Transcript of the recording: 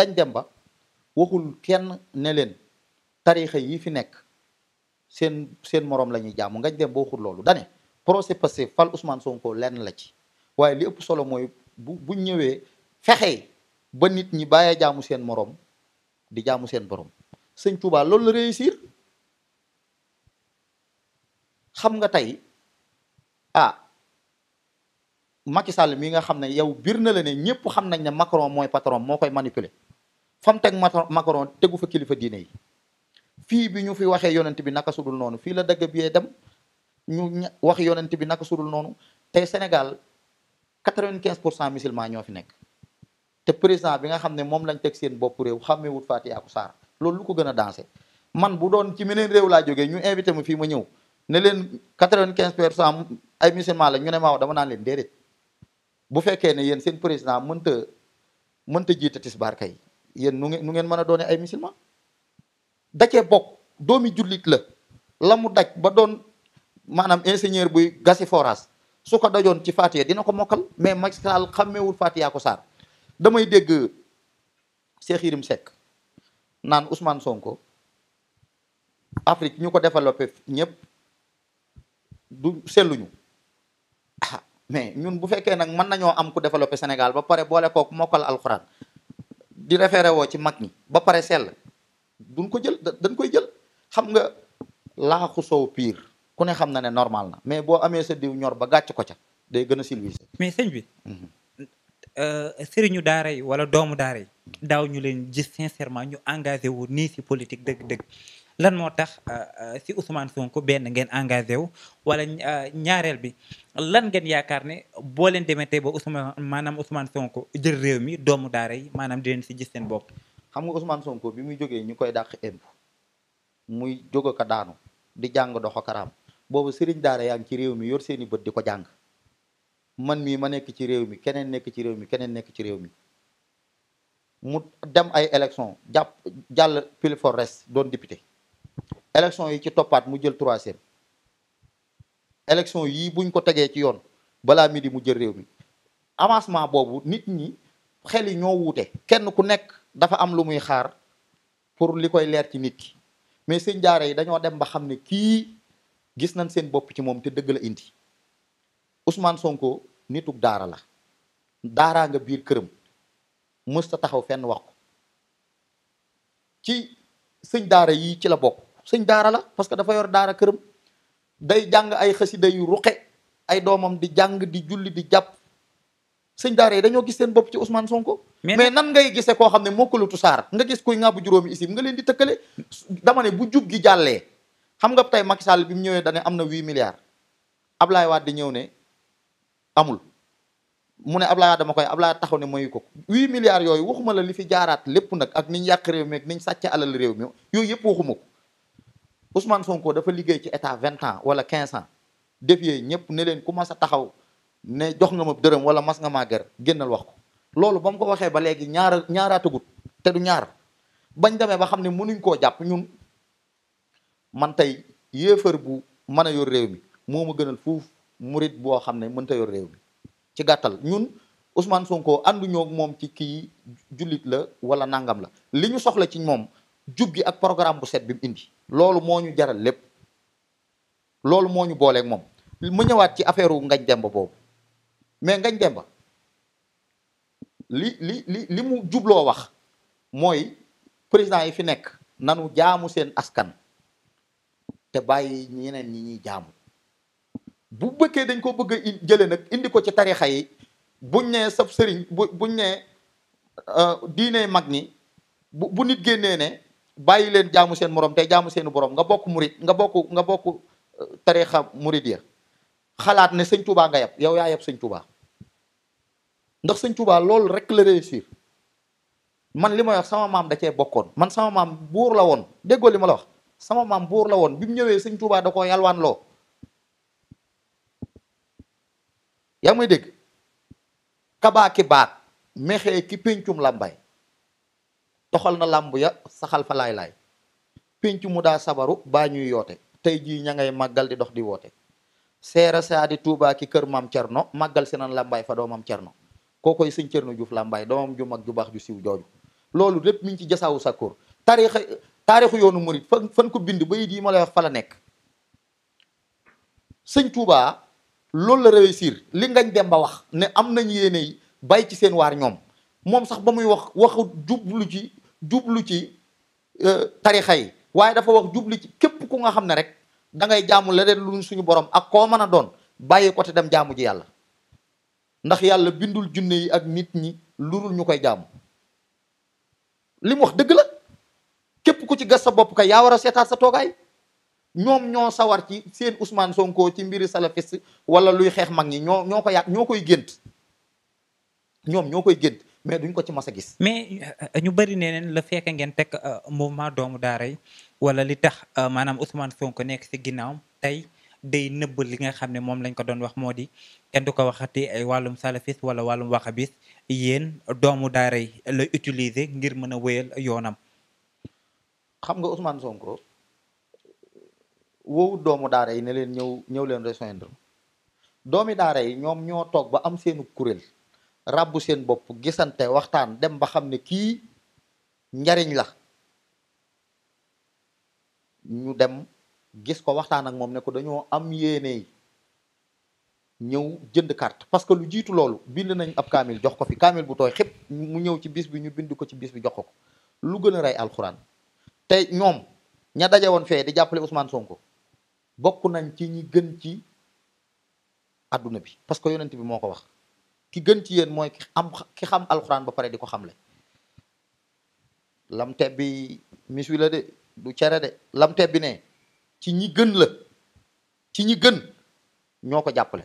ngañ dem ba waxul kenn ne leen tarixa yi fi nekk seen seen morom la ñuy jaamu ngañ dem ba waxul loolu dane procès passé fal Ousmane Sonko lenn la ci waaye li ëpp solo mooy bu bu ñëwee fexe ba nit ñi bàyyee jaamu seen moroom di jaamu seen borom sëñ Touba loolu la réussir xam nga tey ah Macky Sall mi nga xam ne yow biir na la ne ñëpp xam nañ ne Macron mooy patron moo koy manipuler fa mu teg Macron tegu fa kilifa diine yi fii bi ñu fi waxee yonent bi naka sudul noonu fii la dagg biyee dem ñu wax yonent bi naka sudul noonu tey Sénégal quatre-vingt-quinze pour cent musulman ñoo fi nekk te président bi nga xam ne moom lañ teg seen bopp réew xàmmewut Faty Yacou Sarr loolu lu ko gën a dansé man bu doon ci meneen réew laa jógee ñu invité ma fii ma ñëw ne leen quatre-vingt-quinze pour cent ay musulman la ñu ne maaw dama naan leen déedéet bu fekkee ne yéen seen président mënta mënta jiite tisbaar kay yéen nu ngeen ngeen mën a doone ay musulman da bokk doomi jullit la la mu daj ba doon maanaam ingénieur buy gasi forage su ko dajoon ci Fatiha dina ko mokkal mais Macky Sall xàmmeewul Fatiha ko saar damay dégg Cheikh Yérim Seck naan Ousmane Sonko Afrique ñu ko développé ñëpp du selluñu ah mais ñun bu fekkee nag mën nañoo am ku développé Sénégal ba pare boole kooku mokkal alxuraan di référé woo ci mag ni ba pare sell duñ ko jël dañ koy jël xam nga laaxu soow piir ku ne xam na ne normal na mais boo amee sa diw ñor ba gàcc ko ca day gën a silvise mais sëñ bi mhm. euh, sëriñu daara yi wala doomu daara yi daaw ñu leen gis sincèrement ñu engagé wu nii si politique dëgg-dëgg lan moo tax euh, euh, si Ousmane Sonko benn ngeen engagé wu wala euh, ñaareel bi lan ngeen yaakaar ne boo leen demee tey ba Ousmane maanaam Ousmane Sonko jël réew mi doomu daara yi maanaam di leen si gis seen bopp. xam nga Ousmane Sonko bi muy jógee ñu koy dàq imp muy jóg ko daanu di jàng dox ak raam boobu sëriñ daara yaa ngi ci réew mi yor seeni bët di ko jàng man mii ma nekk ci réew mi keneen nekk ci réew mi keneen nekk ci réew mi. mu dem ay élection jàpp jàll pile for doon député élection yi ci toppaat mu jël troisième élection yii buñ ko tegee ci yoon balaa midi mu jël réew mi avancement boobu nit ñi xel yi ñoo wuute kenn ku nekk dafa am lu muy xaar pour li koy leer ci nit ki mais sëñ jaare yi dañoo dem ba xam ne kii gis nañ seen bopp ci moom te dëgg la indi Ousmane Sonko nituk daara la daaraa nga biir këram mësta taxaw fenn wax ko ci sëñ daara yi ci la bokk sëñ daara la parce que dafa yor daara këram day jàng ay xasida yu ruqe ay doomam di jàng di julli di jàpp sëñ daara yi dañoo gis seen bopp ci Ousmane Sonko. mais nan ngay gisee koo xam ne moo mokkalutu saar nga gis kuy ŋàbbu juróomi isim nga leen di tëkkale dama ne bu jub gi jàllee xam nga tey Macky Sall bi mu ñëwee dane am na huit milliards Ablaye Wade di ñëw ne amul mu ne Ablaye Wade dama koy Ablaye taxaw ne mayu ko huit milliards yooyu waxuma la li fi jaaraat lépp nag ak niñ yàq réew mi ak niñ sàcc réew mi yooyu yëpp waxuma ko Ousmane Sonko dafa liggéey ci état vingt ans wala quinze ans défier ñëpp ne leen ku mas a taxaw ne jox nga ma dërëm wala mas nga maa génnal wax ko loolu ba mu ko waxee ba léegi ñaara ñaaraatagut te du ñaar bañ demee ba xam ne mënuñ koo jàpp ñun man tey yéefar bu mën a yor réew mi moo ma gënal fuuf murit boo xam ne mënta yor réew mi ci gàttal ñun Ousmane Sonko ànduñoo moom ci kii jullit la wala nangam la li ñu soxla ci moom jub gi ak programme bu set bi indi loolu moo ñu jaral lépp loolu moo ñu booleek moom mu ñëwaat ci affaire wu ngañ demba boobu mais ngañ demba li li li li mu jubloo wax mooy président yi fi nekk nanu jaamu seen askan te bàyyi ñeneen ñi ñuy jaamu bu bëkkee dañ ko bëgg a jële nag indi ko ci tarixa yi buñ nee sab sëriñ bu buñ nee euh, diine mag ñi bu bu nit génnee ne bàyyi leen jaamu seen moroom te jaamu seeni boroom nga bokk murit nga bokk nga bokk euh, tarixa murit ya xalaat ne sëñ Touba nga yab yow yaa yab sëñ Touba ndax sëñ Touba loolu rek la réussir man li ma sama maam da cee bokkoon man sama maam buur la woon déggoo li ma la wax sama maam buur la woon bi mu ñëwee sëñ Touba da ko yalwaan loo yaa ngi dégg kabaa ki baat mexee ki péncum lambay toxal na làmb ya saxal fa laay-laay pénc mu daa sabaru baa ñuy yoote tey jii ña ngay màggal di dox di woote seera di Touba ki kër maam Cerno màggal si nan làmbaay fa doomam Cerno kookoy sëñ Cerno Juuf làmbaay doomam ju mag ju baax ju siiw jooju loolu lépp mi ngi ci jasaawu sakkoor taarix taarixu yoonu murit fan fan ko bind ba yit yi ma la wax fa la nekk sëñ Touba loolu la réussir li ngañ dem ba wax ne am nañ yéene bay ci seen waar ñoom moom sax ba muy wax waxu jublu ci jublu ci euh, tarixa yi waaye dafa wax jublu ci képp ku nga xam ne rek dangay ngay jaamu leneen lu suñu borom ak koo mën a doon bàyyi ko te dem jaamu ji yàlla ndax yàlla bindul junne yi ak nit ñi lurul ñu koy jaamu li mu wax dëgg la képp ku ci gas sa bopp kay yaa war a seetaat sa toogaay ñoom ñoo sawar ci seen Ousmane Sonko ci mbiri salafiste wala luy xeex mag ñi ñoo ñoo ko yàq ñoo koy gént ñoom ñoo koy gént mais duñ ko ci mas a gis. mais euh, ñu bari nee neen la fekk ngeen teg euh, mouvement doomu daara yi wala li tax euh, maanaam Ousmane Sonko nekk si ginnaaw tey day nëbb li nga xam ne moom lañ ko doon wax moo di kenn du ko waxati ay wàllum salafis wala wàllum waxabis yéen doomu daara yi la utiliser ngir mën a wéyal yoonam. xam nga Ousmane Sonko woowu doomu daara yi ne leen ñëw ñëw leen rejoindre doomi daara yi ñoom ñoo toog ba am seenu kuréel. ràbbu seen bopp gisante waxtaan dem ba xam ne kii njariñ la ñu dem gis ko waxtaan ak moom ne ko dañoo am yéene ñëw jënd carte parce que lu jiitu loolu bind nañ ab kaamil jox ko fi kaamil bu tooy xëpp mu ñëw ci bis bi ñu bind ko ci bis bi jox ko lu gën a rey alxuraan te ñoom ña daje woon fee di jàppale Ousmane ko bokk nañ ci ñi gën ci àdduna bi parce que yonent bi moo ko wax ki gën ci yéen mooy ki am ki xam alxuraan ba pare di ko xamle lam tebbi mis wi de du cere de lam tebbi ne ci ñi gën la ci ñi gën ñoo ko jàppale